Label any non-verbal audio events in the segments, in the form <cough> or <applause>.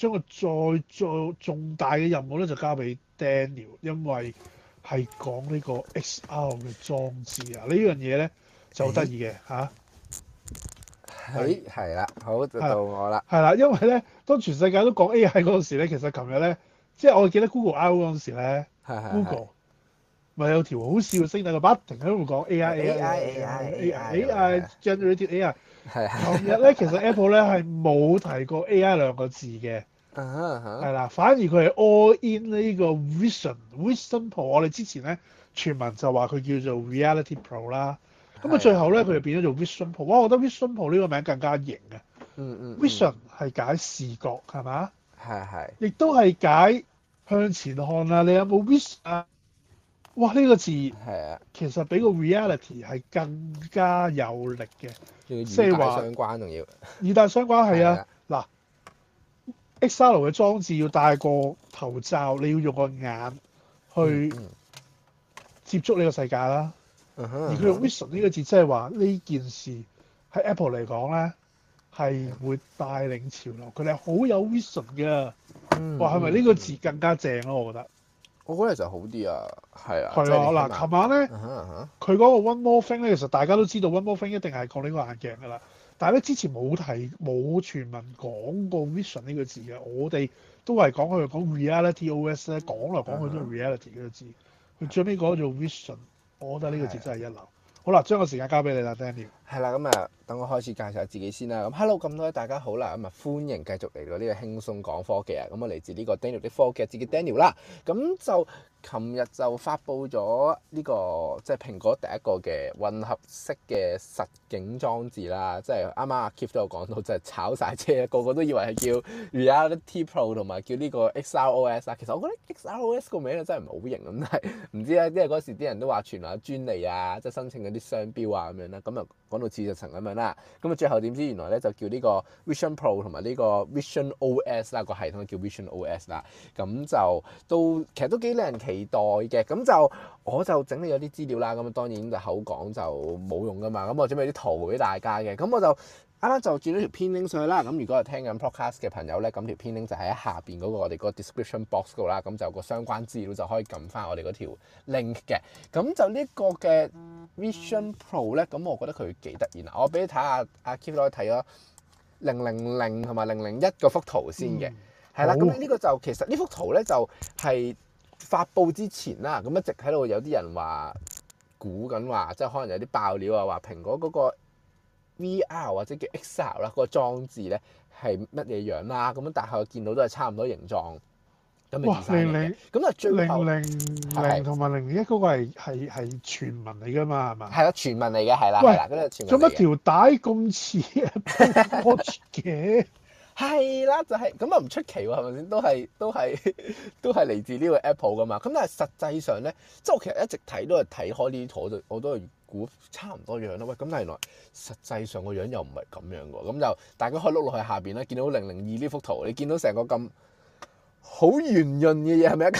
將個再再重大嘅任務咧，就交俾 Daniel，因為係講呢個 XR 嘅裝置、欸、啊！呢樣嘢咧就好得意嘅嚇。係係啦，好就到我啦。係啦，因為咧，當全世界都講 AI 嗰陣時咧，其實琴日咧，即係我記得 Go 是是是 Google I/O 嗰陣時咧，Google 咪有條好笑嘅 statement 不停喺度講 AI，AI，AI，AI，AI，AI，generating AI。係啊，昨日咧，其實 Apple 咧係冇提過 AI 兩個字嘅，係啦，反而佢係 all in 呢個 vision，vision Pro。我哋之前咧傳聞就話佢叫做 Reality Pro 啦，咁啊最後咧佢就變咗做 vision Pro。哇，我覺得 vision Pro 呢個名更加型嘅，vision 係解視覺係嘛，係係，亦都係解向前看啊！你有冇 vision 啊？哇！呢、呢個字其實比個 reality 係更加有力嘅，即係話相關重要。二代相關係 <laughs> 啊，嗱，XR 嘅裝置要戴個頭罩，你要用個眼去接觸呢個世界啦。嗯、哼而佢用 vision 呢個字，即係話呢件事喺 Apple 嚟講咧係會帶領潮流，佢哋好有 vision 嘅。哇，係咪呢個字更加正咯、啊？我覺得。我覺得其實好啲啊，係啊，係啊的，嗱，琴晚咧，佢嗰、uh huh, uh huh. 個 One More Thing 咧，其實大家都知道 One More Thing 一定係講呢個眼鏡㗎啦，但係咧之前冇提冇傳聞講過 Vision 呢個字嘅，我哋都係講佢講 Reality OS 咧，講嚟講,講去都係 Reality 呢個字，佢、uh huh. 最尾講咗做 Vision，我覺得呢個字真係一流。Uh huh. 好啦，將個時間交俾你啦，Daniel。係啦，咁啊，等我開始介紹下自己先啦。咁，hello，咁多位大家好啦，咁啊歡迎繼續嚟到呢個輕鬆講科技啊。咁啊嚟自呢個 Daniel 的科技，自己 Daniel 啦。咁就琴日就發布咗呢個即係蘋果第一個嘅混合式嘅實境裝置啦。即係啱啱阿 Keep 都有講到，就係炒曬車，個個都以為係叫 Reality Pro 同埋叫呢個 XROS 啦。其實我覺得 XROS 個名真係唔係好型咁，係唔知咧，因為嗰時啲人都話傳話專利啊，即係申請嗰啲商標啊咁樣啦。咁啊，到次日層咁樣啦，咁啊最後點知原來咧就叫呢個 Vision Pro 同埋呢個 Vision OS 啦，個系統叫 Vision OS 啦，咁就都其實都幾令人期待嘅。咁就我就整理咗啲資料啦，咁啊當然就口講就冇用噶嘛，咁我準備啲圖俾大家嘅，咁我就。啱啱就轉咗條片 link 上去啦，咁如果係聽緊 podcast 嘅朋友咧，咁條片 link 就喺下邊嗰、那個我哋嗰個 description box 度啦，咁就有個相關資料就可以撳翻我哋嗰條 link 嘅。咁就個呢個嘅 Vision Pro 咧，咁我覺得佢幾得意啊！我俾你睇下，阿 k e l e 睇咗零零零同埋零零一嗰幅圖先嘅，係啦。咁呢個就其實呢幅圖咧就係、是、發布之前啦，咁一直喺度有啲人話估緊話，即係可能有啲爆料啊，話蘋果嗰、那個。VR 或者叫 XR 啦，嗰個裝置咧，係乜嘢樣啦、啊？咁樣，但係我見到都係差唔多形狀。咁零零，咁啊，零零零同埋零一嗰個係係係傳聞嚟噶嘛？係嘛？係啦，傳聞嚟嘅係啦，係啦，嗰啲傳聞。做乜條帶咁似波嘅？係啦，就係咁又唔出奇喎，係咪先？都係都係都係嚟自呢個 Apple 噶嘛。咁但係實際上咧，即係我其實一直睇都係睇開呢啲圖，我都係估差唔多樣啦。喂，咁但係原來實際上個樣又唔係咁樣嘅。咁就大家可以碌落去下邊啦，見到零零二呢幅圖，你見到成個咁好圓潤嘅嘢係咪一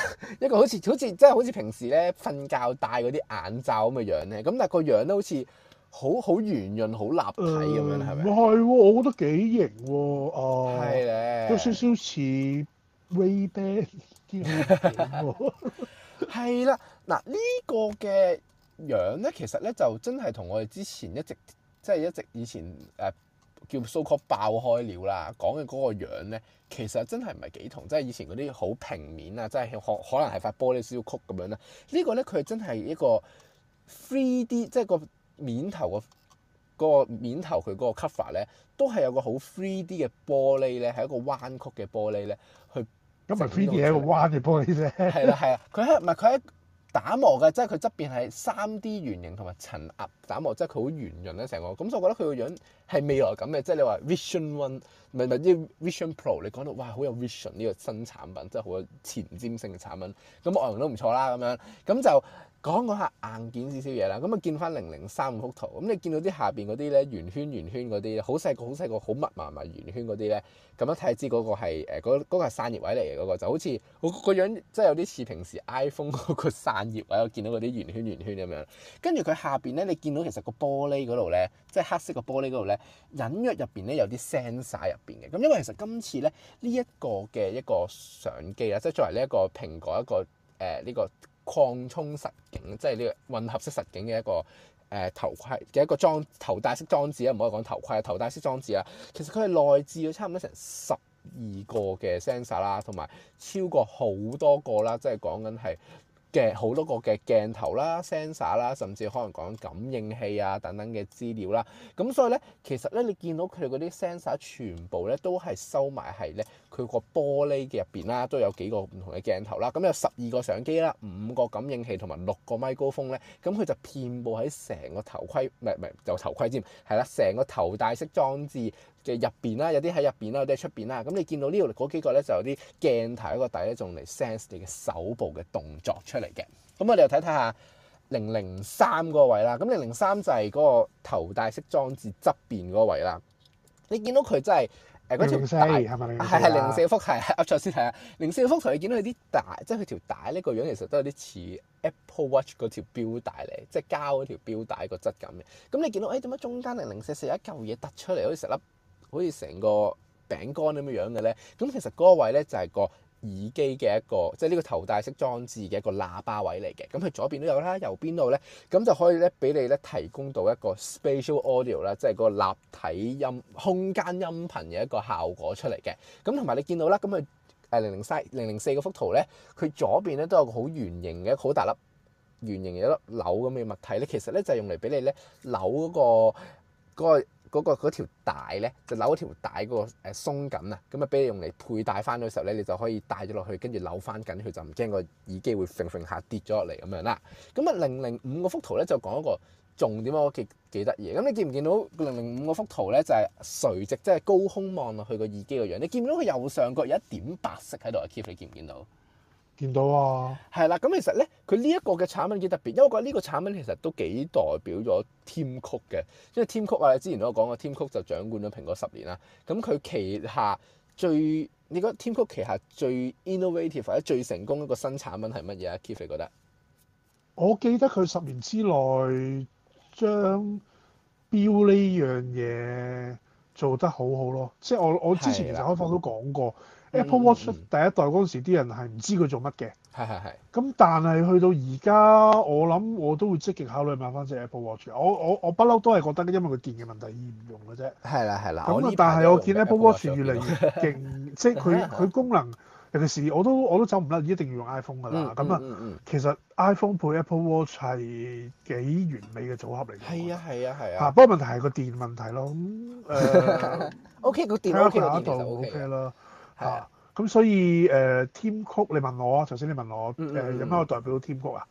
個一個好似好似即係好似平時咧瞓覺戴嗰啲眼罩咁嘅樣咧？咁但係個樣都好似～好好圓潤、好立體咁樣，係咪、嗯？係喎，我覺得幾型喎，啊，係咧的，有少少似 Ray Ban 啲咁嘅。係啦，嗱呢個嘅樣咧，其實咧就真係同我哋之前一直即係一直以前誒叫 so-called 爆開了啦，講嘅嗰個樣咧，其實真係唔係幾同，即係以前嗰啲好平面啊，即係可可能係塊玻璃小曲咁樣啦。這個、呢個咧佢真係一個 three D，即係個。面頭個嗰面頭佢嗰個 cover 咧，都係有個好 three D 嘅玻璃咧，係一個彎曲嘅玻璃咧，去咁咪 three D 係一個彎嘅玻璃啫。係啦，係啊，佢喺唔係佢喺打磨嘅，即係佢側邊係三 D 圓形同埋層壓打磨，即係佢好圓潤啦成個。咁所以我覺得佢個樣係未來感嘅，即係你話 Vision One，唔係唔係呢 Vision Pro，你講到哇，好有 Vision 呢個新產品，真係好有前瞻性嘅產品。咁外形都唔錯啦，咁樣咁就。講講下硬件少少嘢啦，咁啊見翻零零三五幅圖，咁你見到啲下邊嗰啲咧圓圈圓圈嗰啲，好細個好細個好密密密圓圈嗰啲咧，咁一睇知嗰個係誒嗰個係嗰個散熱位嚟嘅嗰個，就好似個個樣，即係有啲似平時 iPhone 嗰個散熱位，我見到嗰啲圓圈圓圈咁樣。跟住佢下邊咧，你見到其實個玻璃嗰度咧，即係黑色個玻璃嗰度咧，隱約入邊咧有啲 sensor 入邊嘅。咁因為其實今次咧呢一個嘅一個相機啦，即係作為呢一個蘋果一個誒呢個。擴充實景，即係呢個混合式實景嘅一個誒、呃、頭盔嘅一個裝頭戴式裝置啦，唔可以講頭盔啊，頭戴式裝置啊，其實佢係內置咗差唔多成十二個嘅 sensor 啦，同埋超過好多個啦，即係講緊係。嘅好多個嘅鏡頭啦、sensor 啦，甚至可能講感應器啊等等嘅資料啦，咁所以咧，其實咧，你見到佢哋嗰啲 sensor 全部咧都係收埋喺咧佢個玻璃嘅入邊啦，都有幾個唔同嘅鏡頭啦，咁有十二個相機啦、五個感應器同埋六個咪高峰咧，咁佢就遍佈喺成個頭盔，唔係唔係就頭盔啫，係啦，成個頭戴式裝置。嘅入邊啦，有啲喺入邊啦，有啲喺出邊啦。咁你見到呢度嗰幾個咧，就有啲鏡頭一個底，一種嚟 sense 你嘅手部嘅動作出嚟嘅。咁我哋又睇睇下零零三嗰個位啦。咁零零三就係嗰個頭戴式裝置側邊嗰個位啦。你見到佢真係誒嗰條帶係咪？係係零四幅係。啱錯先睇下，零四幅圖你見到佢啲帶，即係佢條帶呢個樣其實都有啲似 Apple Watch 嗰條表帶嚟，即係膠嗰條表帶個質感嘅。咁你見到誒點解中間零零四四一嚿嘢突出嚟，好似成粒？好似成個餅乾咁樣樣嘅咧，咁其實嗰個位咧就係個耳機嘅一個，即係呢個頭戴式裝置嘅一個喇叭位嚟嘅。咁佢左邊都有啦，右邊度咧，咁就可以咧俾你咧提供到一個 spatial audio 啦，即係嗰個立體音空間音頻嘅一個效果出嚟嘅。咁同埋你見到啦，咁佢誒零零三零零四嗰幅圖咧，佢左邊咧都有個好圓形嘅好大粒圓形嘅一粒扭咁嘅物體咧，其實咧就係用嚟俾你咧扭嗰個嗰個。那個嗰個嗰、就是、條帶咧，就扭一條帶嗰個誒鬆緊啊，咁啊俾你用嚟佩戴翻嘅時候咧，你就可以戴咗落去，跟住扭翻緊，佢就唔驚個耳機會揈揈下跌咗落嚟咁樣啦。咁啊零零五嗰幅圖咧就講一個重點，我記幾得意。咁你看看見唔見到零零五嗰幅圖咧就係垂直，即、就、係、是、高空望落去個耳機個樣？你看看見唔到佢右上角有一點白色喺度啊？Keeve，你見唔見到？見到啊，係啦，咁、嗯、其實咧，佢呢一個嘅產品幾特別，因為我覺得呢個產品其實都幾代表咗 Team 曲嘅，因為 Team 曲啊，之前都有講過，Team 曲就掌管咗蘋果十年啦。咁、嗯、佢旗下最你覺得 Team 曲旗下最 innovative 或者最成功一個新產品係乜嘢啊？Kife 覺得，我記得佢十年之內將表呢樣嘢做得好好咯，即係我我之前其實開放都講過。Apple Watch 第一代嗰陣時，啲人係唔知佢做乜嘅。係係係。咁但係去到而家，我諗我都會積極考慮買翻隻 Apple Watch。我我我不嬲都係覺得，因為佢電嘅問題而唔用嘅啫。係啦係啦。咁但係我見 Apple Watch 越嚟越勁，即係佢佢功能，尤其是我都我都走唔甩，一定要用 iPhone 噶啦。咁啊，其實 iPhone 配 Apple Watch 係幾完美嘅組合嚟嘅。係啊係啊係啊。不過問題係個電問題咯。OK 個電佢電 OK 啦。啊，咁所以誒、呃、Tim Cook 你問我啊，頭先你問我誒、呃嗯、有咩可代表到 Tim Cook 啊、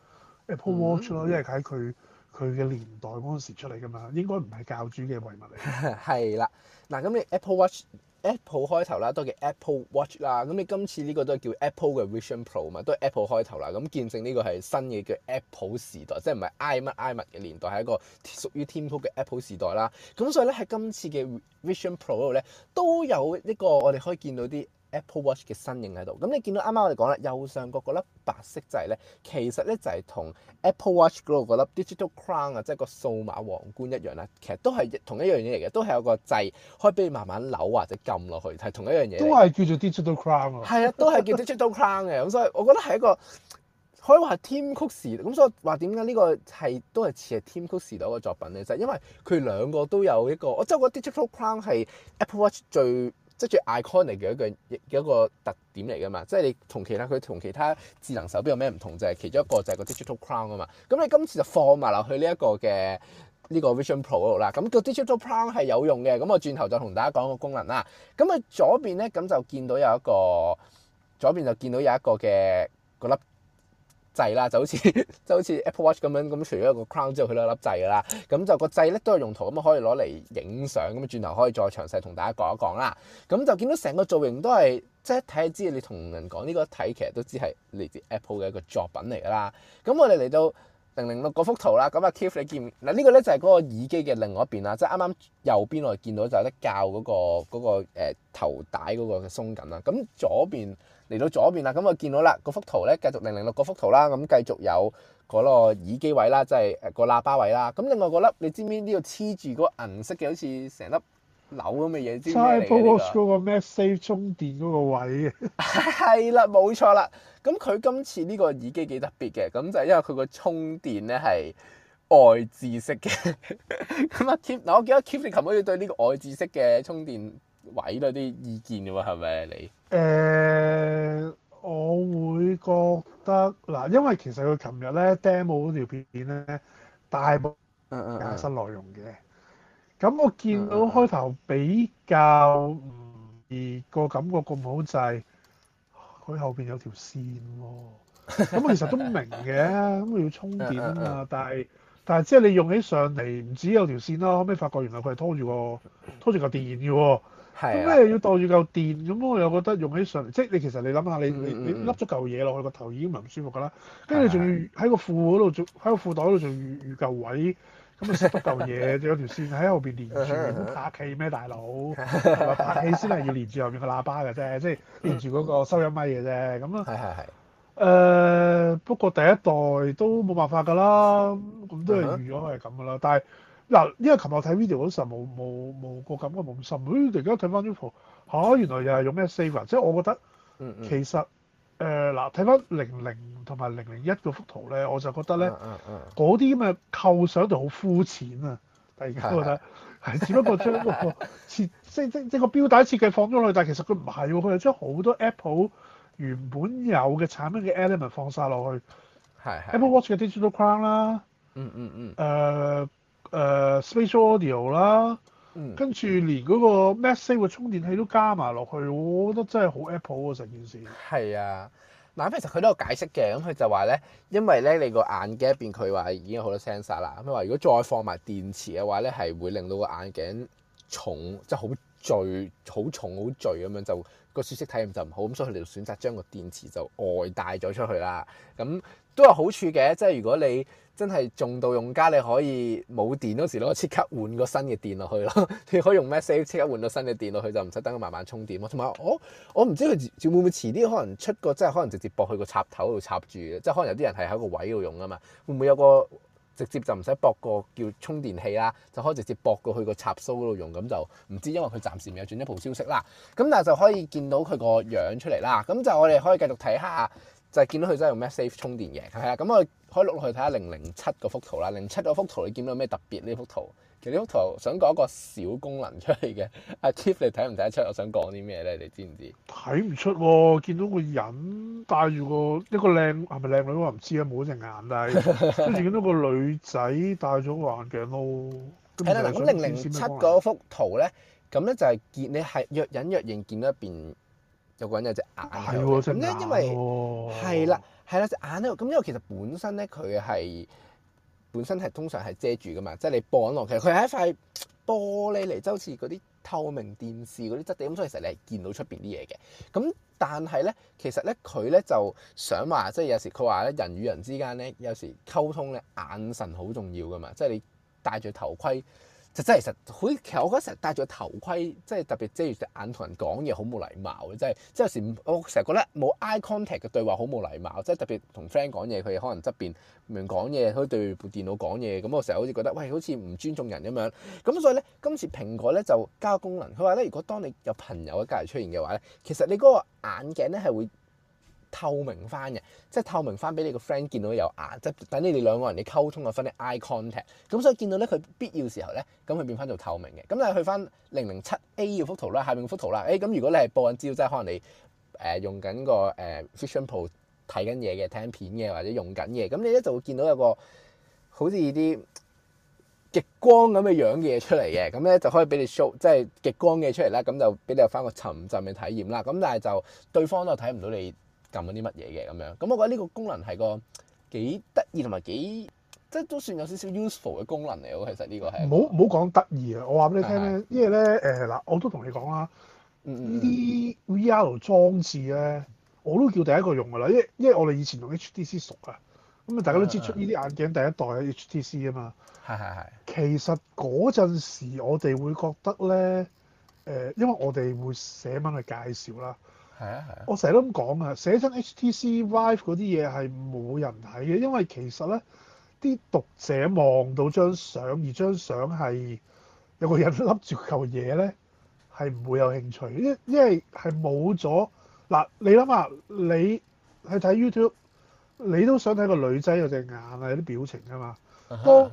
嗯？Apple Watch 咯，因為喺佢佢嘅年代嗰陣時出嚟噶嘛，應該唔係教主嘅遺物嚟。係啦， <laughs> 嗱，咁你 App Watch, Apple Watch，Apple 開頭啦，都叫 Apple Watch 啦。咁你今次呢個都係叫 Apple 嘅 Vision Pro 嘛，都係 Apple 開頭啦。咁見證呢個係新嘅叫 Apple 時代，即係唔係 i 乜 i 乜嘅年代，係一個屬於 Tim Cook 嘅 Apple 時代啦。咁所以咧喺今次嘅 Vision Pro 度咧，都有一、這個我哋可以見到啲。Apple Watch 嘅身影喺度，咁你見到啱啱我哋講啦，右上角嗰粒白色掣咧，其實咧就係同 Apple Watch Grow 嗰粒 digital crown 啊，即係個數碼皇冠一樣啦。其實都係同一樣嘢嚟嘅，都係有個掣可以俾你慢慢扭或者撳落去，係同一樣嘢。都係叫做 digital crown 啊。係 <laughs> 啊，都係叫 digital crown 嘅，咁所以我覺得係一個可以話 Tim Cook 時咁，所以話點解呢個係都係似係 Tim Cook 時代嘅作品咧？就係因為佢兩個都有一個，我真係覺得 digital crown 係 Apple Watch 最。即住最 iconic 嘅一個有一個特點嚟㗎嘛，即係你同其他佢同其他智能手表有咩唔同就係、係、其中一個就係個 digital crown 啊嘛，咁你今次就放埋落去呢一個嘅呢、個 Vision Pro 啦，咁、個 digital crown 係有用嘅，咁我轉頭就同大家講個功能啦，咁啊左邊咧咁就見到有一個，左邊就見到有一個嘅粒。嗰個掣啦，就好似就好似 Apple Watch 咁樣，咁除咗個 Crown 之後，佢都有一粒掣噶啦。咁就個掣咧都係用途咁啊，可以攞嚟影相咁啊。轉頭可以再詳細同大家講一講啦。咁就見到成個造型都係即係一睇知你同人講呢個睇，其實都知係嚟自 Apple 嘅一個作品嚟噶啦。咁我哋嚟到零零六嗰幅圖啦。咁阿 Keith，你見唔嗱？呢、呢個咧就係嗰個耳機嘅另外一邊啦。即係啱啱右邊我哋見到就係得較嗰個嗰、嗰個誒頭帶嗰個嘅鬆緊啦。咁左邊。嚟到左邊啦，咁我見到啦，嗰幅圖咧繼續零零六嗰幅圖啦，咁繼續有嗰個耳機位啦，即係誒個喇叭位啦。咁另外嗰粒，你知唔知呢個黐住個銀色嘅，好似成粒紐咁嘅嘢？叉 poles 嗰個咩 Safe 充電嗰個位啊？係 <laughs> 啦，冇錯啦。咁佢今次呢個耳機幾特別嘅，咁就係因為佢個充電咧係外置式嘅。咁啊 keep，嗱我記得 keep the 琴可以對呢個外置式嘅充電。位咯啲意見嘅喎，係咪你？誒，uh, 我會覺得嗱，因為其實佢琴日咧 demo 嗰條片咧，大部分係新內容嘅。咁我見到開頭比較唔熱個感覺咁好，就係佢後邊有條線喎。咁其實都明嘅，咁佢要充電啊。但係但係即係你用起上嚟唔止有條線啦，後尾發覺原來佢係拖住個拖住個電源嘅喎。咁咧要袋住嚿電，咁我又覺得用起上嚟，即係你其實你諗下，你你你笠咗嚿嘢落去個頭已經係唔舒服噶啦，跟住仲要喺個褲度，仲喺個褲袋度仲預預嚿位，咁塞得嚿嘢，仲 <laughs> 有條線喺後邊連住打氣咩？大佬，打氣先係要連住後面個喇叭嘅啫，即係連住嗰個收音咪嘅啫，咁咯。係係係。誒，不過第一代都冇辦法噶啦，咁都係預咗係咁噶啦，但係。嗱，因為琴日睇 video 嗰陣冇冇冇個感覺冇咁深，咦？而家睇翻張圖嚇，原來又係用咩 saver？即係我覺得，其實誒嗱，睇翻零零同埋零零一嗰幅圖咧，我就覺得咧，嗰啲咁嘅構想就好膚淺啊！大家覺得係，是是只不過將、那個、 <laughs> 一個設即即即個錶帶設計放咗落去，但係其實佢唔係喎，佢係將好多 Apple 原本有嘅產品嘅 element 放晒落去。係是 Apple Watch 嘅 digital crown 啦。嗯嗯嗯。誒、嗯。嗯嗯誒、uh, Spatial Audio 啦、嗯，跟住連嗰個 MagSafe 充電器都加埋落去，我覺得真係好 Apple 啊。成件事。係啊，嗱，其實佢都有解釋嘅，咁佢就話咧，因為咧你個眼鏡入邊佢話已經有好多 sensor 啦，咁佢話如果再放埋電池嘅話咧，係會令到個眼鏡重，即係好墜好重好墜咁樣就個舒適體驗就唔好，咁所以你哋選擇將個電池就外帶咗出去啦。咁、嗯、都有好處嘅，即係如果你。真係重度用家，你可以冇電嗰時，攞即刻換個新嘅電落去咯。 <laughs> 你可以用 m e s s a g e 即刻換個新嘅電落去，就唔使等佢慢慢充電咯。同埋、哦、我我唔知佢會唔會遲啲可能出個，即係可能直接駁去個插頭度插住，即係可能有啲人係喺個位度用啊嘛。會唔會有個直接就唔使駁個叫充電器啦，就可以直接駁過去個插梳度用，咁就唔知，因為佢暫時未有進一步消息啦。咁但係就可以見到佢個樣出嚟啦。咁就我哋可以繼續睇下。就係見到佢真係用 MagSafe 充電嘅，係、嗯、啊，咁我可以錄落去睇下零零七嗰幅圖啦。零七嗰幅圖你見到有咩特別呢？幅圖其實呢幅圖想講一個小功能出嚟嘅。阿、啊、Keep 你睇唔睇得出我想講啲咩咧？你知唔知？睇唔出喎，見到個人戴住個一個靚係咪靚女我唔知啊，冇隻眼啊，跟住 <laughs> 見到個女仔戴咗個眼鏡咯。係啦、嗯，嗱，咁零零七嗰幅圖咧，咁、嗯、咧就係、是、見你係若隱若現見,見到一邊。有個人有隻眼喺度，咁咧的、嗯、因為係啦係啦隻眼咧，咁因為其實本身咧佢係本身係通常係遮住噶嘛，即係你放落其實佢係一塊玻璃嚟，即好似嗰啲透明電視嗰啲質地，咁所以其實你係見到出邊啲嘢嘅。咁但係咧，其實咧佢咧就想話，即係有時佢話咧人與人之間咧有時溝通咧眼神好重要噶嘛，即係你戴住頭盔。就真係其實好，其實我覺得成日戴住頭盔，即係特別遮住隻眼同人講嘢，好冇禮貌嘅，真係。即係有時我成日覺得冇 eye contact 嘅對話好冇禮貌，即係特別同 friend 講嘢，佢可能側邊唔講嘢，佢對部電腦講嘢，咁我成日好似覺得，喂，好似唔尊重人咁樣。咁所以咧，今次蘋果咧就加功能，佢話咧，如果當你有朋友喺隔離出現嘅話咧，其實你嗰個眼鏡咧係會。透明翻嘅，即係透明翻俾你個 friend 見到有眼，即係等你哋兩個人你溝通嗰分啲 eye contact。咁所以見到咧，佢必要時候咧，咁佢變翻做透明嘅。咁就去翻零零七 A 要幅圖啦，下面幅圖啦。誒，咁如果你係播緊招，即係可能你誒用緊個誒 Vision Pro 睇緊嘢嘅，聽片嘅或者用緊嘢，咁你咧就會見到有個好似啲極光咁嘅樣嘅嘢出嚟嘅。咁咧 <laughs> 就可以俾你 show 即係極光嘅出嚟啦。咁就俾你有翻個沉浸嘅體驗啦。咁但係就對方都睇唔到你。撳嗰啲乜嘢嘅咁樣，咁我覺得呢個功能係個幾得意同埋幾，即係都算有少少 useful 嘅功能嚟咯。其實呢個係唔好唔好講得意啊！我話俾你聽咧，係係因為咧誒嗱，我都同你講啦，呢啲 VR 裝置咧，我都叫第一個用噶啦。因為因為我哋以前同 HTC 熟啊，咁啊大家都知出呢啲眼鏡第一代係 HTC 啊嘛。係係係。其實嗰陣時我哋會覺得咧，誒、呃，因為我哋會寫文去介紹啦。係啊，係啊。我成日都咁講啊，寫張 HTC Vive 嗰啲嘢係冇人睇嘅，因為其實咧，啲讀者望到張相而張相係有個人笠住嚿嘢咧，係唔會有興趣，因因為係冇咗嗱。你諗下，你去睇 YouTube，你都想睇個女仔有隻眼啊，有啲表情啊嘛。當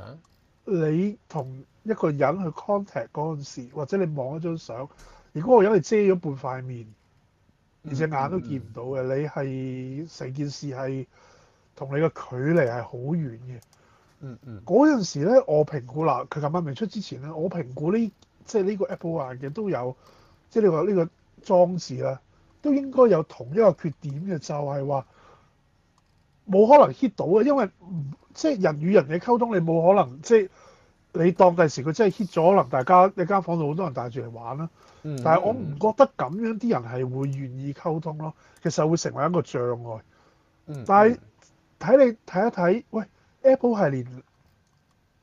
你同一個人去 contact 嗰陣時，或者你望一張相，如果個人你遮咗半塊面。而隻眼都見唔到嘅，你係成件事係同你嘅距離係好遠嘅。嗯嗯。嗰 <noise> 陣時咧，我評估啦，佢琴晚未出之前咧，我評估呢即係呢個 Apple Eye 嘅都有，即係、呢、你個呢、呢個裝置啦，都應該有同一個缺點嘅，就係話冇可能 hit 到嘅，因為即係人與人嘅溝通，你冇可能即係。你當第時佢真係 hit 咗，可能大家一間房度好多人帶住嚟玩啦。嗯嗯、但係我唔覺得咁樣啲人係會願意溝通咯，其實會成為一個障礙。嗯嗯、但係睇你睇一睇，喂，Apple 係連、I、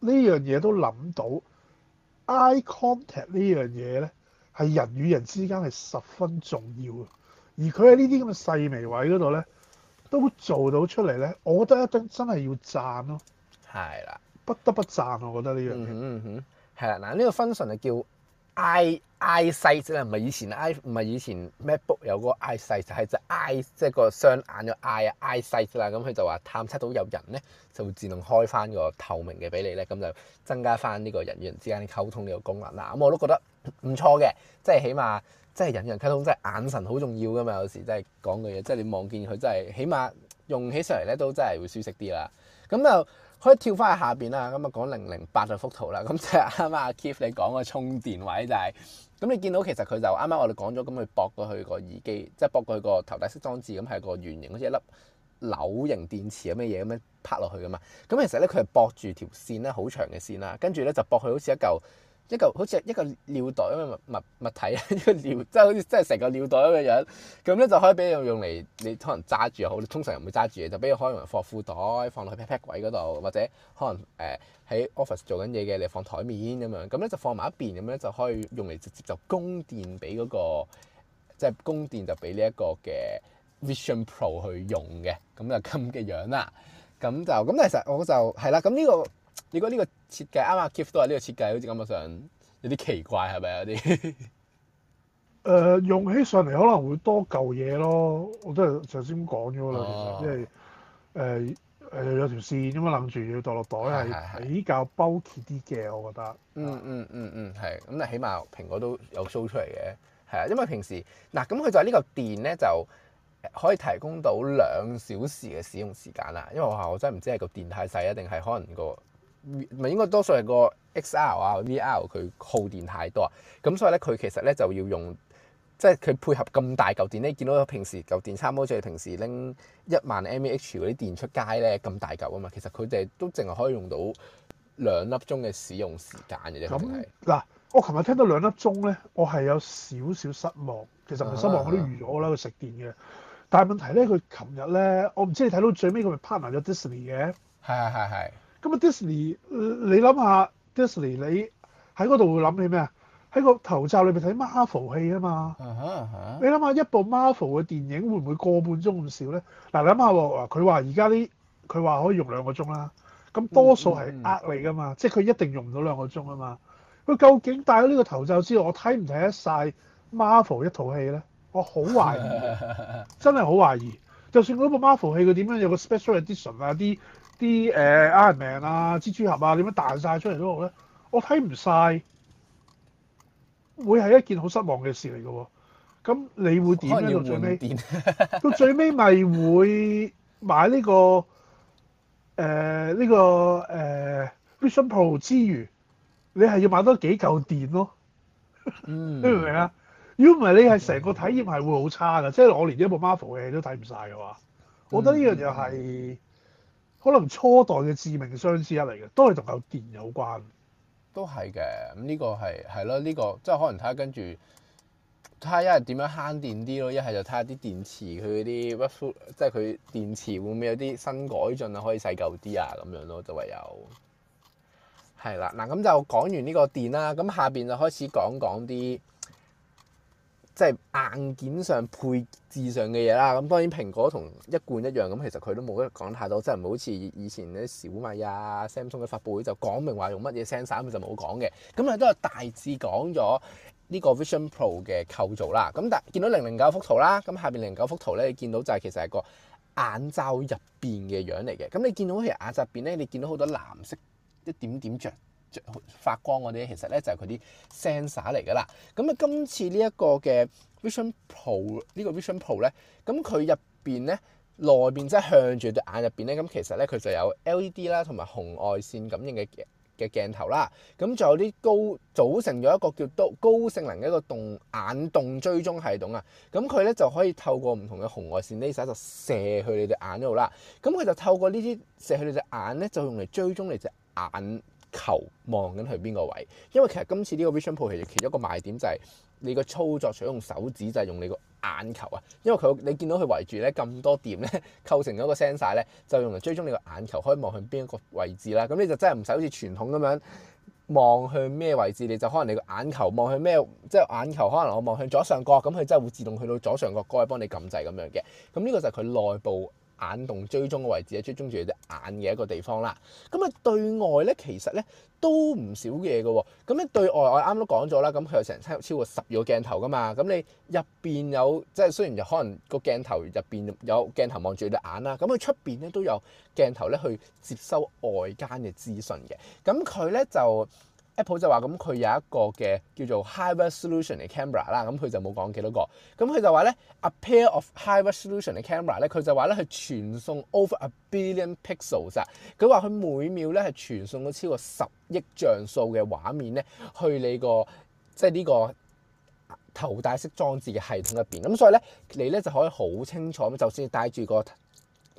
呢樣嘢都諗到，eye contact 呢樣嘢咧係人與人之間係十分重要嘅，而佢喺呢啲咁嘅細微位嗰度咧都做到出嚟咧，我覺得一定真係要讚咯。係啦。得不得不讚，我覺得呢樣嘢係啦。嗱、嗯，呢、嗯這個 function 就叫 Eye EyeSight 啦，唔係以前 i 唔係以前 MacBook 有個 iSight，係隻 i 即係個雙眼嘅 i 啊 EyeSight 啦。咁佢、嗯、就話探測到有人咧，就會自動開翻個透明嘅俾你咧，咁就增加翻呢個人與人之間嘅溝通呢個功能。嗱、嗯，咁我都覺得唔錯嘅，即係起碼即係人與人溝通，即係眼神好重要㗎嘛。有時真係講嘅嘢，即係你望見佢，真係起碼用起上嚟咧，都真係會舒適啲啦。咁、嗯、就。佢跳翻去下邊啦，咁啊講零零八就幅圖啦，咁就啱啱阿 Keith 你講嘅充電位就係、是，咁你見到其實佢就啱啱我哋講咗，咁佢駁落去個耳機，即係駁過去個頭戴式裝置，咁係個圓形好似一粒扭形電池咁嘅嘢咁樣拍落去㗎嘛，咁其實咧佢係駁住條線咧，好長嘅線啦，跟住咧就駁佢好似一嚿。一嚿好似一個尿袋咁嘅物物物體，一個尿即係好似即係成個尿袋咁嘅樣，咁咧就可以俾用用嚟，你可能揸住又好，通常唔會揸住嘅，就俾佢可以用嚟放褲袋，放落去 pat pat 櫃嗰度，或者可能誒喺 office 做緊嘢嘅，你放台面咁樣，咁咧就放埋一邊，咁咧就可以用嚟直接就供電俾嗰個，即係供電就俾呢一個嘅 Vision Pro 去用嘅，咁就咁嘅樣啦，咁就咁其實我就係啦，咁呢個。你講呢個設計啱啊？Gift 都係呢個設計，好似感覺上有啲奇怪，係咪有啲誒用起上嚟可能會多舊嘢咯，我都係頭先咁講咗啦。其實、就係呃有條線，因為誒誒有條線咁啊，諗住要袋落袋係比較包結啲嘅，我覺得。嗯嗯嗯嗯，係、嗯。咁但係起碼蘋果都有 show 出嚟嘅，係啊。因為平時嗱咁，佢、啊、就係呢嚿電咧，就可以提供到兩小時嘅使用時間啦。因為我話我真係唔知係個電太細啊，定係可能個。唔係應該多數係個 XR 啊 VR 佢耗電太多，啊。咁所以咧佢其實咧就要用，即係佢配合咁大嚿電咧，見到平時嚿電差唔多，即係平時拎一萬 mAh 嗰啲電出街咧咁大嚿啊嘛，其實佢哋都淨係可以用到兩粒鐘嘅使用時間嘅啫。咁嗱、嗯，我琴日聽到兩粒鐘咧，我係有少少失望。其實唔係失望，啊、我都預咗去食電嘅。但係問題咧，佢琴日咧，我唔知你睇到最尾佢咪 partner 咗 Disney 嘅。係係係係。咁啊 Disney 你諗下 Disney 你喺嗰度會諗起咩啊？喺個頭罩裏邊睇 Marvel 戲啊嘛。Uh huh. 你諗下一部 Marvel 嘅電影會唔會個半鐘咁少呢？嗱，你諗下喎，佢話而家啲佢話可以用兩個鐘啦。咁多數係呃你噶嘛，uh huh. 即係佢一定用唔到兩個鐘啊嘛。佢究竟戴咗呢個頭罩之後，我睇唔睇得晒 Marvel 一套戲呢？我好懷疑， <laughs> 真係好懷疑。就算嗰部 Marvel 戲佢點樣有個 special edition 啊啲。啲誒、uh, Iron Man 啊、蜘蛛俠啊，點樣彈晒出嚟都好咧，我睇唔晒，會係一件好失望嘅事嚟嘅喎。咁你會點咧？到最尾， <laughs> 到最尾咪會買呢、這個呢個誒呢、呃呢個誒、呃、Vision Pro 之餘，你係要買多幾嚿電咯。嗯， <laughs> 明唔明啊？如果唔係，你係成個體驗係會好差嘅，嗯、即係我連一部 Marvel 嘅戲都睇唔晒嘅話，嗯、我覺得呢樣嘢係。可能初代嘅致命傷之一嚟嘅，都係同有電有關。都係嘅，咁、這、呢個係係咯，呢、這個即係可能睇下跟住，睇下一係點樣慳電啲咯，一係就睇下啲電池佢嗰啲，即係佢電池會唔會有啲新改進啊，可以細舊啲啊咁樣咯，就唯有係啦。嗱咁就講完呢個電啦，咁下邊就開始講講啲。即係硬件上配置上嘅嘢啦，咁當然蘋果同一貫一樣，咁其實佢都冇得講太多，即係唔好似以前啲小米啊、Samsung 嘅發布會就講明話用乜嘢 sensor，佢就冇講嘅。咁佢都係大致講咗呢個 Vision Pro 嘅構造啦。咁但係見到零零九幅圖啦，咁下邊零九幅圖咧，你見到就係其實係個眼罩入邊嘅樣嚟嘅。咁你見到其實眼罩入邊咧，你見到好多藍色一點點着。發光嗰啲其實咧就係佢啲 sensor 嚟㗎啦。咁啊，今次呢一個嘅 Vision Pro, Pro 呢個 Vision Pro 咧，咁佢入邊咧，內邊即係向住對眼入邊咧，咁其實咧佢就有 LED 啦，同埋紅外線感應嘅嘅鏡頭啦。咁仲有啲高組成咗一個叫高高性能嘅一個動眼動追蹤系統啊。咁佢咧就可以透過唔同嘅紅外線 laser 就射去你對眼度啦。咁佢就透過呢啲射去你隻眼咧，就用嚟追蹤你隻眼。球望緊去邊個位？因為其實今次呢個 Vision Pro 其實其中一個賣點，就係你個操作除咗用手指，就係用你個眼球啊。因為佢，你見到佢圍住咧咁多點咧，構成咗個 sensor 咧，就用嚟追蹤你個眼球，可以望向邊一個位置啦。咁你就真係唔使好似傳統咁樣望向咩位置，你就可能你個眼球望向咩，即係眼球可能我望向左上角，咁佢真係會自動去到左上角嗰個幫你撳掣咁樣嘅。咁呢個就係佢內部。眼動追蹤嘅位置咧，追蹤住你隻眼嘅一個地方啦。咁啊，對外咧，其實咧都唔少嘅嘢嘅。咁咧對外，我啱都講咗啦。咁佢有成超超過十二個鏡頭噶嘛。咁你入邊有即係雖然又可能個鏡頭入邊有鏡頭望住你隻眼啦。咁佢出邊咧都有鏡頭咧去接收外間嘅資訊嘅。咁佢咧就。Apple 就話咁，佢有一個嘅叫做 high resolution camera 啦。咁佢就冇講幾多個。咁佢就話呢 a pair of high resolution camera 呢佢就話呢係傳送 over a billion pixels。佢話佢每秒呢係傳送咗超過十億像素嘅畫面呢去你個即係呢個頭戴式裝置嘅系統入邊。咁所以呢，你呢就可以好清楚咁，就算戴住個。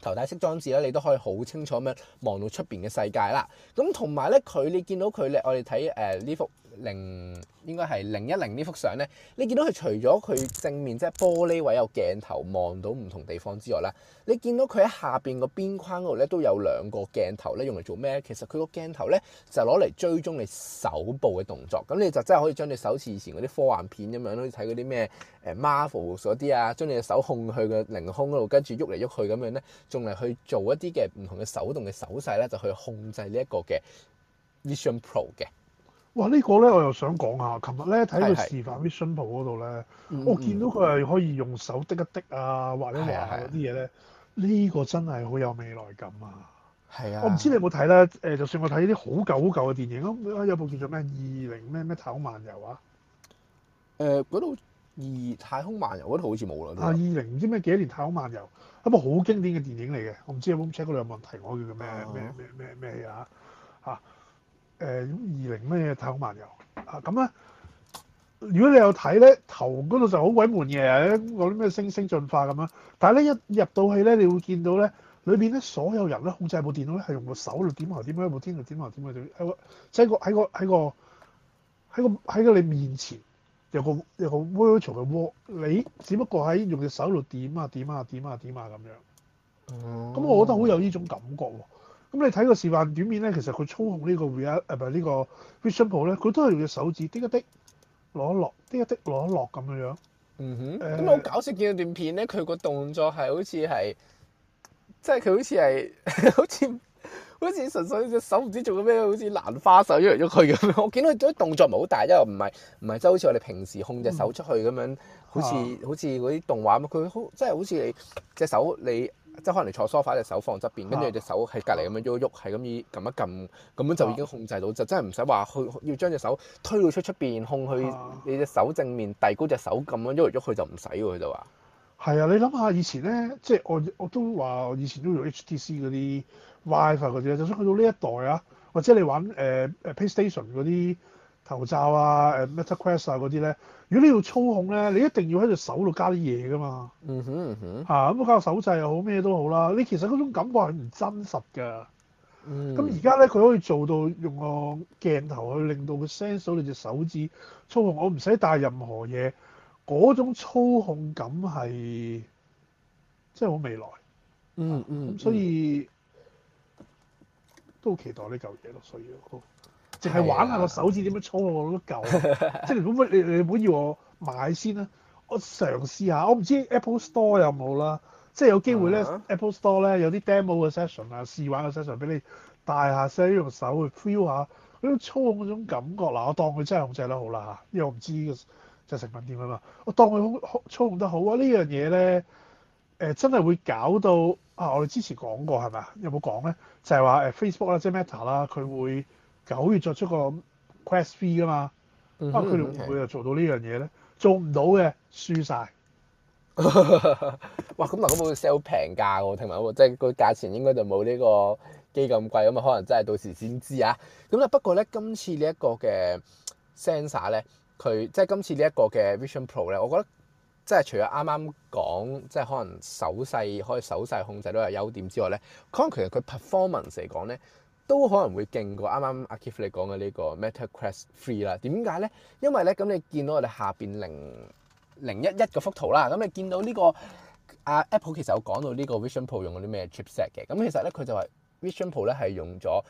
頭戴式裝置咧，你都可以好清楚咁樣望到出邊嘅世界啦。咁同埋咧，佢你見到佢咧，我哋睇誒呢幅零應該係零一零呢幅相咧，你見到佢除咗佢正面即係玻璃位有鏡頭望到唔同地方之外咧，你見到佢喺下邊個邊框嗰度咧都有兩個鏡頭咧用嚟做咩？其實佢個鏡頭咧就攞嚟追蹤你手部嘅動作。咁你就真係可以將你手似以前嗰啲科幻片咁樣，好似睇嗰啲咩誒 Marvel 嗰啲啊，將你隻手控去個凌空嗰度，跟住喐嚟喐去咁樣咧。仲嚟去做一啲嘅唔同嘅手動嘅手勢咧，就去控制呢一個嘅 Vision Pro 嘅。哇！這個、呢個咧，我又想講下。琴日咧睇佢示範 Vision Pro 嗰度咧，是是我見到佢係可以用手滴一滴啊，或者畫一畫嗰啲嘢咧。呢是個真係好有未來感啊！係是啊。我唔知你有冇睇啦。誒，就算我睇呢啲好舊好舊嘅電影，咁有部叫做咩二零咩咩太空漫遊啊？誒、呃，嗰套二太空漫遊嗰套好似冇啦。啊，二零唔知咩幾多年太空漫遊？咁啊，好經典嘅電影嚟嘅，我唔知有冇 check 過有冇人提我叫做咩咩咩咩咩啊嚇，嚇二零咩太空漫遊啊咁咧，如果你有睇咧頭嗰度就好鬼悶嘅，講啲咩星星進化咁啦，但係咧一入到去咧，你會見到咧裏邊咧所有人咧控制部電腦咧係用手有有、就係、個手嚟點下點下部天嚟點下點下點喺個喺個喺個喺個喺個你面前。有個有個 virtual 嘅 walk，你只不過喺用隻手度點啊點啊點啊點啊咁樣。哦、嗯。咁、嗯、我覺得好有呢種感覺喎、哦。咁你睇個示範短片咧，其實佢操控個 re ar,、啊、個 re 呢個 r e a 唔係呢個 Vision Pro 咧，佢都係用隻手指滴一滴，落一落，滴一滴，落一落咁樣。嗯哼。咁、呃嗯、我搞笑！見到段片咧，佢個動作係好似係，即係佢好似係好似。 <laughs> 好似純粹隻手唔知做緊咩，好似蘭花手喐嚟喐去咁樣。 <laughs> 我見到佢啲動作唔係好大，因為唔係唔係即係好似我哋平時控隻手出去咁樣，好似好似嗰啲動畫咁。佢好即係好似你隻手你即係可能你坐梳化 f 隻手放側邊，跟住隻手係隔離咁樣喐嚟喐去，咁樣就已經控制到，啊、就真係唔使話去要將隻手推到出出邊，控去你隻手正面遞高隻手咁樣喐嚟喐去就唔使喎。佢就話係啊！你諗下以前咧，即係我我都話我以前都用 H T C 嗰啲。WiFi 嗰啲，就算去到呢一代啊，或者你玩誒誒、呃、PlayStation 嗰啲頭罩啊、誒、呃、Meta Quest 啊嗰啲咧，如果你要操控咧，你一定要喺隻手度加啲嘢㗎嘛。嗯哼嗯哼。咁加個手掣又好，咩都好啦。你其實嗰種感覺係唔真實㗎。咁而家咧，佢、hmm. 啊、可以做到用個鏡頭去令到佢 sense 到你隻手指操控，我唔使戴任何嘢，嗰種操控感係即係好未來。嗯嗯、mm hmm. 啊啊啊。所以，都期待呢嚿嘢咯，所以淨係玩下個手指點樣操控嗰嚿，啊、即係如果唔你你唔好要，要我買先啦、啊，我嘗試下，我唔知 Apple Store 有冇啦，即係有機會咧、啊、Apple Store 咧有啲 demo 嘅 session 啊，試玩個 session 俾你戴下聲用手去 feel 下嗰種操控嗰種感覺嗱、啊，我當佢真係控制得好啦、啊、嚇，因為我唔知嘅就成品點樣啊嘛，我當佢控操控得好啊樣呢樣嘢咧。誒、欸、真係會搞到啊！我哋之前講過係咪、就是欸、啊？有冇講咧？就係話誒 Facebook 啦、即 Meta 啦，佢會九月作出個 Quest 3㗎嘛？啊，佢哋會唔會又做到呢樣嘢咧？做唔到嘅，輸晒。 <laughs> 哇！咁嗱，咁會 sell 平價喎？聽聞即係個價錢應該就冇呢個機咁貴，咁啊可能真係到時先知啊。咁啊不過咧，今次呢一個嘅 Sensor 咧，佢即係今次呢一個嘅 Vision Pro 咧，我覺得。即係除咗啱啱講，即係可能手勢可以手勢控制都有優點之外咧，可能其實佢 performance 嚟講咧，都可能會勁過啱啱阿 Kipper 你講嘅呢個 Meta Quest 3啦。點解咧？因為咧，咁你見到我哋下邊零零一一嗰幅圖啦，咁你見到呢、這個阿、啊、Apple 其實有講到呢個 Vision Pro 用嗰啲咩 chipset 嘅。咁其實咧，佢就話 Vision Pro 咧係用咗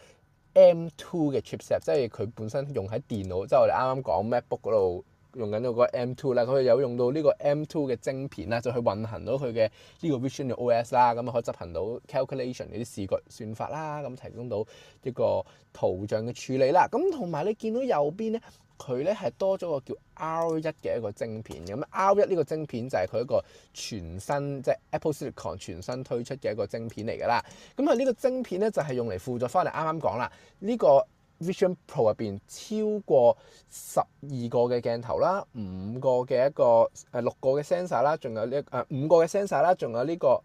M2 嘅 chipset，即係佢本身用喺電腦，即、就、係、是、我哋啱啱講 MacBook 嗰度。用緊嗰個 M2 啦，佢有用到呢個 M2 嘅晶片啦，就去運行到佢嘅呢個 Vision OS 啦，咁啊可以執行到 Calculation 嗰啲視覺算法啦，咁提供到一個圖像嘅處理啦。咁同埋你見到右邊咧，佢咧係多咗個叫 R1 嘅一個晶片。咁 R1 呢個晶片就係佢一個全新，即係 Apple Silicon 全新推出嘅一個晶片嚟㗎啦。咁啊呢個晶片咧就係用嚟輔助翻嚟，啱啱講啦，呢、呢個。Vision Pro 入邊超過十二個嘅鏡頭啦，五個嘅一個誒六個嘅 sensor 啦，仲有呢誒五個嘅 sensor 啦，仲有呢個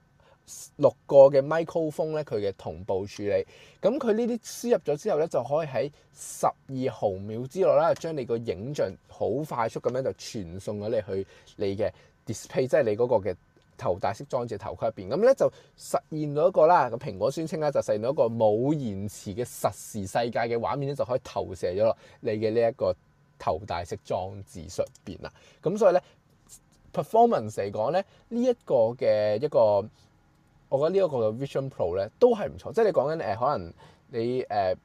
六個嘅 microphone 咧，佢嘅同步處理，咁佢呢啲輸入咗之後咧，就可以喺十二毫秒之內啦，將你個影像好快速咁樣就傳送咗你去你嘅 display，即係你嗰個嘅，頭戴式裝置頭盔入邊，咁咧就實現咗一個啦。咁蘋果宣稱咧就實現咗一個冇延遲嘅實時世界嘅畫面咧，就可以投射咗落你嘅呢一個頭戴式裝置上邊啦。咁所以咧，performance 嚟講咧，呢一個嘅一個，我覺得呢一個嘅 Vision Pro 咧都係唔錯。即係你講緊誒，可能你誒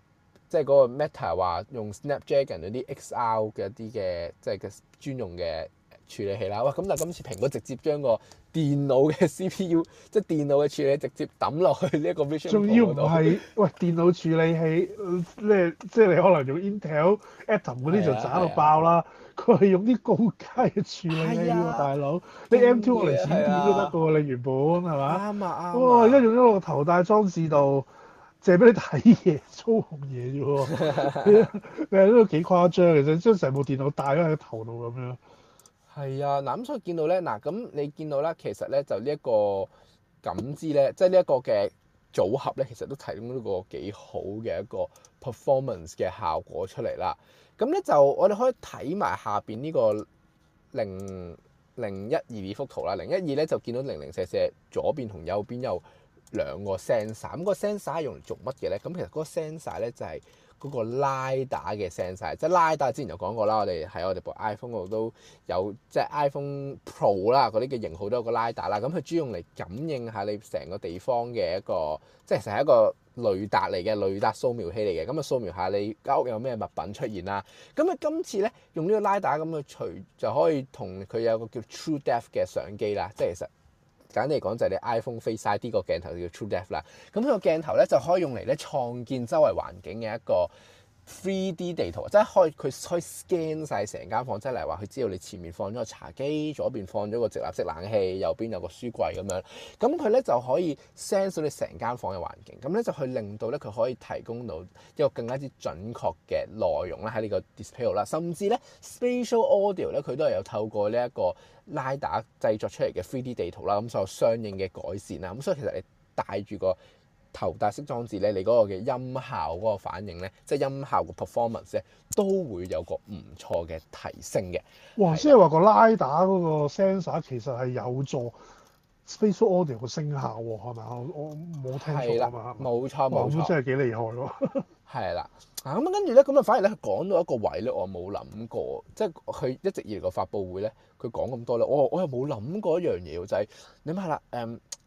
即係嗰個 Meta 話用 Snapdragon 嗰啲 XR 嘅一啲嘅即係嘅專用嘅處理器啦，哇！咁但係今次蘋果直接將個電腦嘅 CPU，即係電腦嘅處理直接抌落去呢一個 Vision，仲要唔係，喂！電腦處理器，咧、呃、即係你可能用 Intel、Atom 嗰啲就渣到爆啦，佢係、啊啊、用啲高階嘅處理器喎，哎、呀大佬。你 M2 過嚟剪片都得嘅喎，哎、呀你原本係嘛？啱啊啱。啊哇！依家用咗落頭戴裝置度，借俾你睇嘢、操控嘢啫喎。你你係覺得幾誇張其實？將成部電腦戴咗喺頭度咁樣。係啊，嗱咁所以見到咧，嗱咁你見到啦，其實咧就呢一個感知咧，即係呢一個嘅組合咧，其實都提供咗個幾好嘅一個 performance 嘅效果出嚟啦。咁咧就我哋可以睇埋下邊呢個零零一二二幅圖啦，零一二咧就見到零零四四左邊同右邊又。兩個 sensor，咁個 sensor 係用嚟做乜嘢咧？咁其實嗰個 sensor 咧就係嗰個拉打嘅 sensor，即係拉打。之前就講過啦，我哋喺我哋部 iPhone 度都有，即係 iPhone Pro 啦嗰啲嘅型號都有個拉打啦。咁佢主要用嚟感應下你成個地方嘅一個，即係其實係一個雷達嚟嘅雷達掃描器嚟嘅。咁啊掃描下你間屋有咩物品出現啦。咁啊今次咧用呢個拉打咁去除，就可以同佢有個叫 True Depth 嘅相機啦。即係其實。簡單嚟講，就係你 iPhone Face ID 啲個鏡頭叫 TrueDepth 啦。咁呢個鏡頭咧，就可以用嚟咧創建周圍環境嘅一個 3D 地圖，即係開佢可以 scan 曬成間房，即係例如話佢知道你前面放咗個茶幾，左邊放咗個直立式冷氣，右邊有個書櫃咁樣，咁佢咧就可以 sense 你成間房嘅環境，咁咧就去令到咧佢可以提供到一個更加之準確嘅內容啦，喺呢個 display 度啦，甚至咧 spatial audio 咧佢都係有透過呢一個拉打製作出嚟嘅 3D 地圖啦，咁所有相應嘅改善啦，咁所以其實你戴住個頭戴式裝置咧，你嗰個嘅音效嗰個反應咧，即係音效嘅 performance 咧，都會有個唔錯嘅提升嘅。哇、哦！即係話個 LiDAR 嗰個 sensor 其實係有助 Spatial Audio 嘅聲效喎，係咪啊？我冇聽錯啊嘛。冇錯，冇錯。真係幾厲害喎！係 <laughs> 啦，啊咁跟住咧，咁啊反而咧，佢講到一個位咧，我冇諗過，即係佢一直以嚟個發佈會咧，佢講咁多咧、哦，我我又冇諗過一樣嘢喎，就係你諗下啦，誒。嗯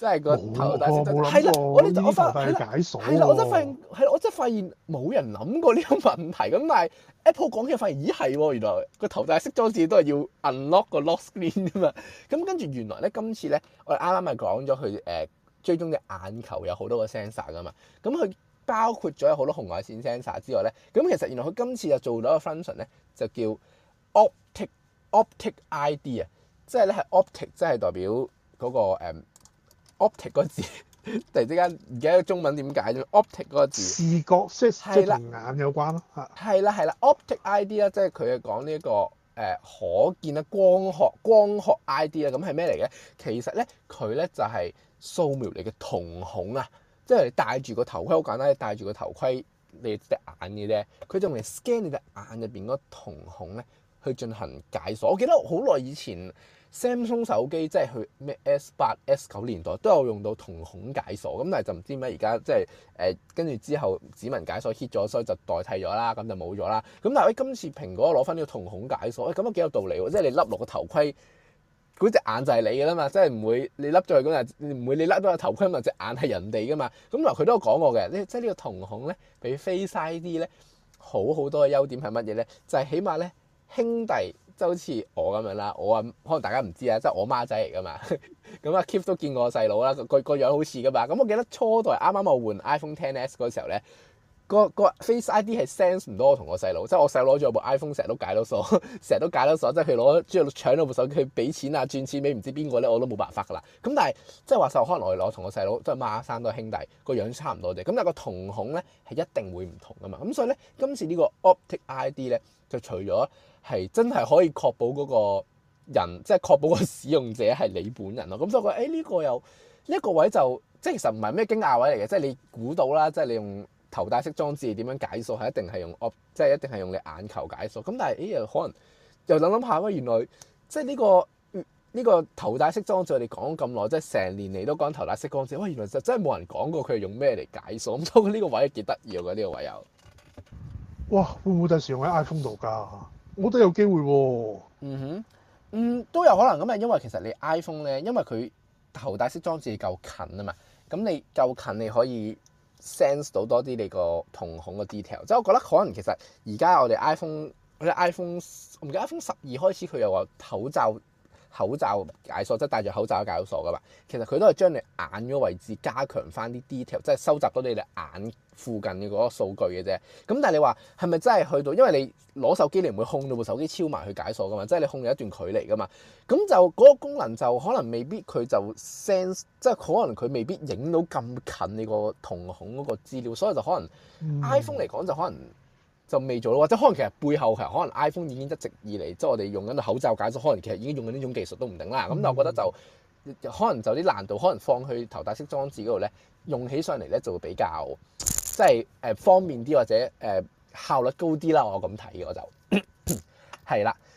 即係個頭戴式，係啦。我哋就我發係啦，我真係發現係我真係發現冇人諗過呢個問題咁。但係 Apple 講嘅發現咦係喎，原來個頭戴式裝置都係要 unlock 個 lock screen 㗎嘛。咁、嗯、跟住原來咧，今次咧，我哋啱啱咪講咗佢誒，追蹤嘅眼球有好多個 sensor 㗎嘛。咁、嗯、佢包括咗有好多紅外線 sensor 之外咧，咁、嗯、其實原來佢今次就做到一個 function 咧，就叫 Optic Optic ID 啊，ic, 即係咧係 Optic，即係代表嗰、那個、嗯 Optic 個字，突然之間而家個中文點解啫？Optic 嗰字，視覺識即係同眼有關咯。係啦係啦，Optic ID 啦、這個，即係佢係講呢一個誒可見啦，光學光學 ID 啦，咁係咩嚟嘅？其實咧，佢咧就係掃描你嘅瞳孔啊，即係戴住個頭盔好簡單，你戴住個頭盔你隻眼嘅啫。佢就嚟 scan 你隻眼入邊嗰瞳孔咧，去進行解鎖。我記得好耐以前。Samsung 手機即係佢咩 S 八、S 九年代都有用到瞳孔解鎖，咁但係就唔知點解而家即係誒跟住之後指紋解鎖 hit 咗，所以就代替咗啦，咁就冇咗啦。咁但係今次蘋果攞翻呢個瞳孔解鎖，喂咁又幾有道理喎？即係你笠落個頭盔，嗰隻眼就係你噶啦嘛，即係唔會你笠咗去嗰陣，唔會你笠咗個頭盔嘛，隻眼係人哋噶嘛。咁嗱，佢都有講過嘅，即係呢個瞳孔咧比 Face ID 咧好好多嘅優點係乜嘢咧？就係、是、起碼咧兄弟。就好似我咁樣啦，我啊可能大家唔知啊，即係我孖仔嚟噶嘛。咁啊，Kip 都見過我細佬啦，個個樣好似噶嘛。咁我記得初代啱啱我換 iPhone X S 嗰時候咧，嗰個、嗰個 Face ID 係 sense 唔多同我細佬、就是，即係我細佬攞咗部 iPhone 成日都解到鎖，成日都解到鎖。即係佢攞之後搶到部手機，佢俾錢啊轉錢俾唔知邊個咧，我都冇辦法噶啦。咁但係即係話細佬可能我攞同我細佬即係孖生都係兄弟，個樣差唔多啫。咁但係個瞳孔咧係一定會唔同噶嘛。咁所以咧，今次個呢個 Optic ID 咧就除咗。係真係可以確保嗰個人，即係確保個使用者係你本人咯。咁所以我覺得，誒呢個又呢一個位就即係其實唔係咩驚訝位嚟嘅，即係你估到啦，即係你用頭戴式裝置點樣解鎖係一定係用，即係一定係用你眼球解鎖。咁但係誒、欸、又可能又諗諗下，喂原來即係、呢、呢個呢、呢個頭戴式裝置，我哋講咁耐，即係成年嚟都講頭戴式裝置，喂，原來就真係冇人講過佢係用咩嚟解鎖。咁所以呢個位係幾得意嘅呢個位又。哇！會唔會第時用喺 iPhone 度㗎？我都有機會喎，哦。嗯哼，嗯都有可能咁啊，因為其實你 iPhone 咧，因為佢頭戴式裝置夠近啊嘛，咁你夠近你可以 sense 到多啲你個瞳孔個 detail。即係我覺得可能其實而家我哋 iPhone，我哋 iPhone，我唔記得 iPhone 十二開始佢又話口罩。口罩解鎖即係戴住口罩解到鎖噶嘛，其實佢都係將你眼嗰位置加強翻啲 detail，即係收集到啲你眼附近嘅嗰個數據嘅啫。咁但係你話係咪真係去到，因為你攞手機你唔會控到部手機超埋去解鎖噶嘛，即係你控有一段距離噶嘛。咁就嗰個功能就可能未必佢就 sense，即係可能佢未必影到咁近你個瞳孔嗰個資料，所以就可能、嗯、iPhone 嚟講就可能。就未做到，或者可能其實背後係可能 iPhone 已經一直以嚟，即係我哋用緊嘅口罩解鎖，可能其實已經用緊呢種技術都唔定啦。咁、嗯嗯、但係我覺得就可能就啲難度，可能放去頭戴式裝置嗰度咧，用起上嚟咧就會比較，即係誒方便啲或者誒、呃、效率高啲啦。我咁睇嘅，我就係啦。 <coughs> <coughs>